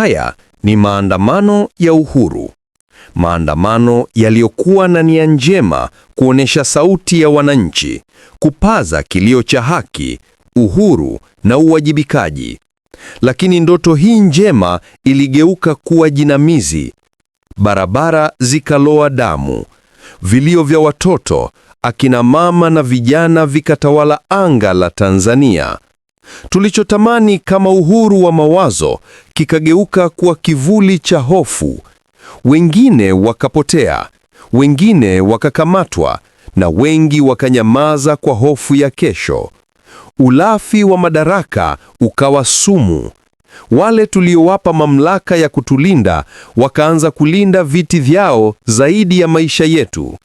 Haya ni maandamano ya uhuru, maandamano yaliyokuwa na nia njema, kuonesha sauti ya wananchi, kupaza kilio cha haki, uhuru na uwajibikaji. Lakini ndoto hii njema iligeuka kuwa jinamizi. Barabara zikaloa damu, vilio vya watoto, akina mama na vijana vikatawala anga la Tanzania. Tulichotamani kama uhuru wa mawazo kikageuka kuwa kivuli cha hofu. Wengine wakapotea, wengine wakakamatwa na wengi wakanyamaza kwa hofu ya kesho. Ulafi wa madaraka ukawa sumu. Wale tuliowapa mamlaka ya kutulinda wakaanza kulinda viti vyao zaidi ya maisha yetu.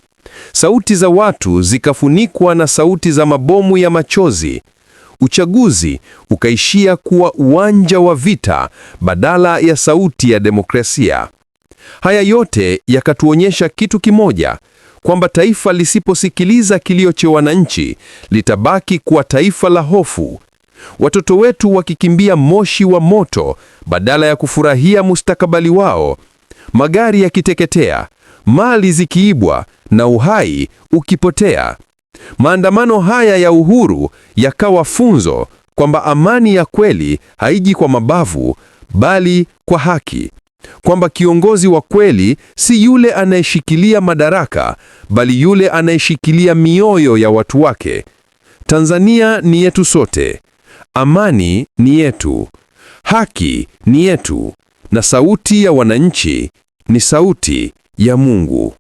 Sauti za watu zikafunikwa na sauti za mabomu ya machozi uchaguzi ukaishia kuwa uwanja wa vita badala ya sauti ya demokrasia. Haya yote yakatuonyesha kitu kimoja, kwamba taifa lisiposikiliza kilio cha wananchi litabaki kuwa taifa la hofu. Watoto wetu wakikimbia moshi wa moto badala ya kufurahia mustakabali wao, magari yakiteketea, mali zikiibwa na uhai ukipotea. Maandamano haya ya uhuru yakawa funzo kwamba amani ya kweli haiji kwa mabavu, bali kwa haki, kwamba kiongozi wa kweli si yule anayeshikilia madaraka, bali yule anayeshikilia mioyo ya watu wake. Tanzania ni yetu sote, amani ni yetu, haki ni yetu, na sauti ya wananchi ni sauti ya Mungu.